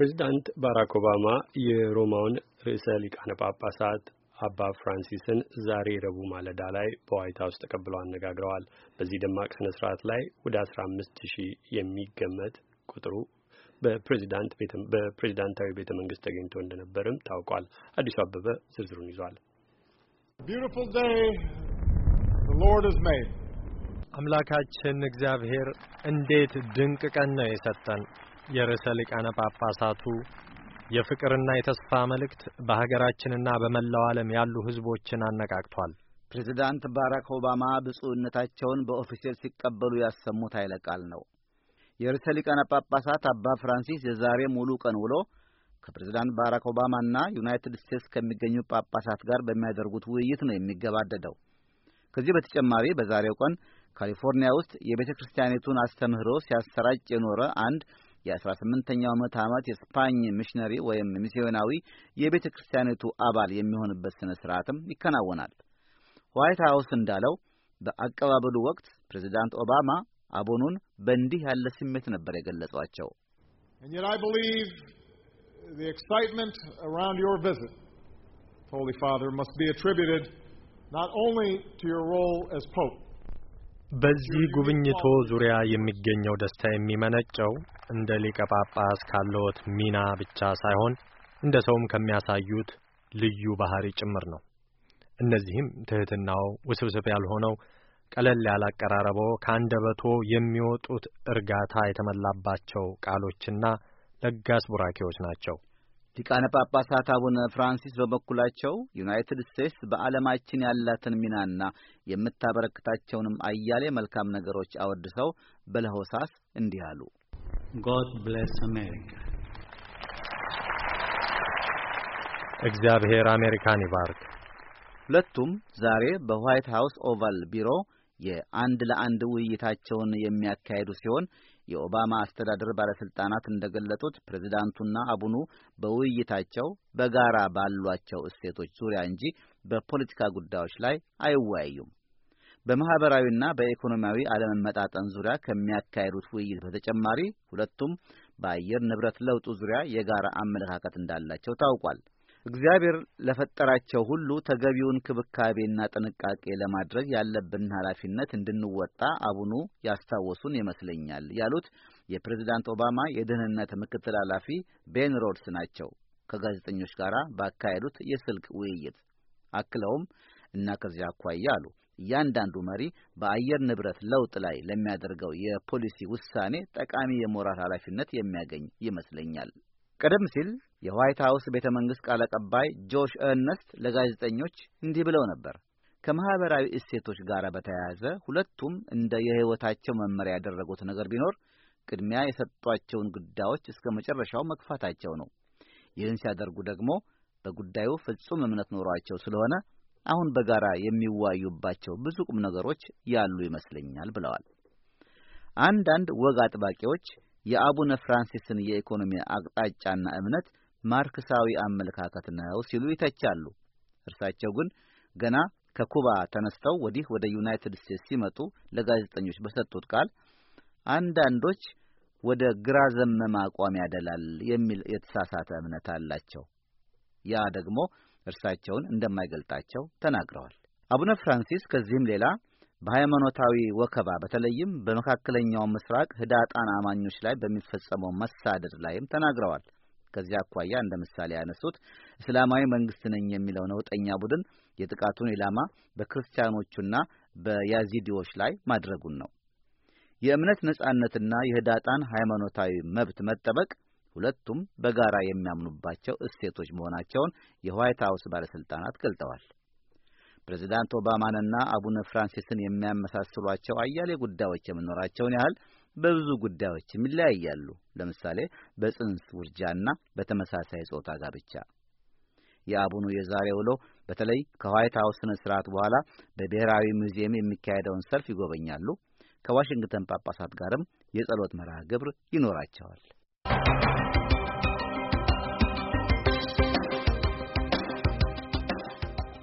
ፕሬዚዳንት ባራክ ኦባማ የሮማውን ርዕሰ ሊቃነ ጳጳሳት አባ ፍራንሲስን ዛሬ ረቡዕ ማለዳ ላይ በዋይት ሀውስ ተቀብለው አነጋግረዋል። በዚህ ደማቅ ስነ ስርዓት ላይ ወደ አስራ አምስት ሺህ የሚገመት ቁጥሩ በፕሬዚዳንት በፕሬዚዳንታዊ ቤተ መንግስት ተገኝቶ እንደነበርም ታውቋል። አዲሱ አበበ ዝርዝሩን ይዟል። አምላካችን እግዚአብሔር እንዴት ድንቅ ቀን ነው የሰጠን የርዕሰ ሊቃነ ጳጳሳቱ የፍቅርና የተስፋ መልእክት በሀገራችንና በመላው ዓለም ያሉ ሕዝቦችን አነቃቅቷል። ፕሬዚዳንት ባራክ ኦባማ ብፁዕነታቸውን በኦፊሴል ሲቀበሉ ያሰሙት ኃይለ ቃል ነው። የርዕሰ ሊቃነ ጳጳሳት አባ ፍራንሲስ የዛሬ ሙሉ ቀን ውሎ ከፕሬዚዳንት ባራክ ኦባማና ዩናይትድ ስቴትስ ከሚገኙ ጳጳሳት ጋር በሚያደርጉት ውይይት ነው የሚገባደደው። ከዚህ በተጨማሪ በዛሬው ቀን ካሊፎርኒያ ውስጥ የቤተ ክርስቲያኒቱን አስተምህሮ ሲያሰራጭ የኖረ አንድ የ18ኛው ዓመት ዓመት የስፓኝ ሚሽነሪ ወይም ሚስዮናዊ የቤተ ክርስቲያኒቱ አባል የሚሆንበት ሥነ ሥርዓትም ይከናወናል። ዋይት ሀውስ እንዳለው በአቀባበሉ ወቅት ፕሬዚዳንት ኦባማ አቡኑን በእንዲህ ያለ ስሜት ነበር የገለጿቸው። ሆሊ ፋር ስ be attributed not only to your role as Pope, በዚህ ጉብኝቶ ዙሪያ የሚገኘው ደስታ የሚመነጨው እንደ ሊቀ ጳጳስ ካለዎት ሚና ብቻ ሳይሆን እንደ ሰውም ከሚያሳዩት ልዩ ባህሪ ጭምር ነው። እነዚህም ትህትናው፣ ውስብስብ ያልሆነው ቀለል ያለ አቀራረቦ፣ ከአንደበቶ የሚወጡት እርጋታ የተመላባቸው ቃሎችና ለጋስ ቡራኬዎች ናቸው። ሊቃነ ጳጳሳት አቡነ ፍራንሲስ በበኩላቸው ዩናይትድ ስቴትስ በዓለማችን ያላትን ሚናና የምታበረክታቸውንም አያሌ መልካም ነገሮች አወድሰው በለሆሳስ እንዲህ አሉ። ጎድ ብለስ አሜሪካ። እግዚአብሔር አሜሪካን ይባርክ። ሁለቱም ዛሬ በዋይት ሀውስ ኦቫል ቢሮ የአንድ ለአንድ ውይይታቸውን የሚያካሂዱ ሲሆን የኦባማ አስተዳደር ባለስልጣናት እንደገለጡት ፕሬዚዳንቱና አቡኑ በውይይታቸው በጋራ ባሏቸው እሴቶች ዙሪያ እንጂ በፖለቲካ ጉዳዮች ላይ አይወያዩም። በማህበራዊና በኢኮኖሚያዊ አለመመጣጠን ዙሪያ ከሚያካሂዱት ውይይት በተጨማሪ ሁለቱም በአየር ንብረት ለውጡ ዙሪያ የጋራ አመለካከት እንዳላቸው ታውቋል። እግዚአብሔር ለፈጠራቸው ሁሉ ተገቢውን ክብካቤና ጥንቃቄ ለማድረግ ያለብንን ኃላፊነት እንድንወጣ አቡኑ ያስታወሱን ይመስለኛል ያሉት የፕሬዝዳንት ኦባማ የደህንነት ምክትል ኃላፊ ቤን ሮድስ ናቸው ከጋዜጠኞች ጋር ባካሄዱት የስልክ ውይይት። አክለውም እና ከዚያ አኳያ አሉ እያንዳንዱ መሪ በአየር ንብረት ለውጥ ላይ ለሚያደርገው የፖሊሲ ውሳኔ ጠቃሚ የሞራል ኃላፊነት የሚያገኝ ይመስለኛል። ቀደም ሲል የዋይት ሀውስ ቤተ መንግሥት ቃል አቀባይ ጆሽ እርነስት ለጋዜጠኞች እንዲህ ብለው ነበር። ከማኅበራዊ እሴቶች ጋር በተያያዘ ሁለቱም እንደ የሕይወታቸው መመሪያ ያደረጉት ነገር ቢኖር ቅድሚያ የሰጧቸውን ጉዳዮች እስከ መጨረሻው መግፋታቸው ነው። ይህን ሲያደርጉ ደግሞ በጉዳዩ ፍጹም እምነት ኖሯቸው ስለሆነ አሁን በጋራ የሚዋዩባቸው ብዙ ቁም ነገሮች ያሉ ይመስለኛል ብለዋል። አንዳንድ ወግ አጥባቂዎች የአቡነ ፍራንሲስን የኢኮኖሚ አቅጣጫና እምነት ማርክሳዊ አመለካከት ነው ሲሉ ይተቻሉ። እርሳቸው ግን ገና ከኩባ ተነስተው ወዲህ ወደ ዩናይትድ ስቴትስ ሲመጡ ለጋዜጠኞች በሰጡት ቃል አንዳንዶች ወደ ግራ ዘመም አቋም ያደላል የሚል የተሳሳተ እምነት አላቸው። ያ ደግሞ እርሳቸውን እንደማይገልጣቸው ተናግረዋል። አቡነ ፍራንሲስ ከዚህም ሌላ በሃይማኖታዊ ወከባ በተለይም በመካከለኛው ምስራቅ ህዳጣን አማኞች ላይ በሚፈጸመው መሳደድ ላይም ተናግረዋል። ከዚያ አኳያ እንደ ምሳሌ ያነሱት እስላማዊ መንግስት ነኝ የሚለው ነውጠኛ ቡድን የጥቃቱን ኢላማ በክርስቲያኖቹና በያዚዲዎች ላይ ማድረጉን ነው። የእምነት ነጻነትና የህዳጣን ሃይማኖታዊ መብት መጠበቅ ሁለቱም በጋራ የሚያምኑባቸው እሴቶች መሆናቸውን የዋይት ሀውስ ባለስልጣናት ገልጠዋል። ፕሬዚዳንት ኦባማንና አቡነ ፍራንሲስን የሚያመሳስሏቸው አያሌ ጉዳዮች የመኖራቸውን ያህል በብዙ ጉዳዮችም ይለያያሉ። ለምሳሌ በጽንስ ውርጃና በተመሳሳይ ጾታ ጋብቻ። የአቡኑ የዛሬ ውሎ በተለይ ከዋይት ሀውስ ስነ ስርዓት በኋላ በብሔራዊ ሙዚየም የሚካሄደውን ሰልፍ ይጎበኛሉ። ከዋሽንግተን ጳጳሳት ጋርም የጸሎት መርሃ ግብር ይኖራቸዋል።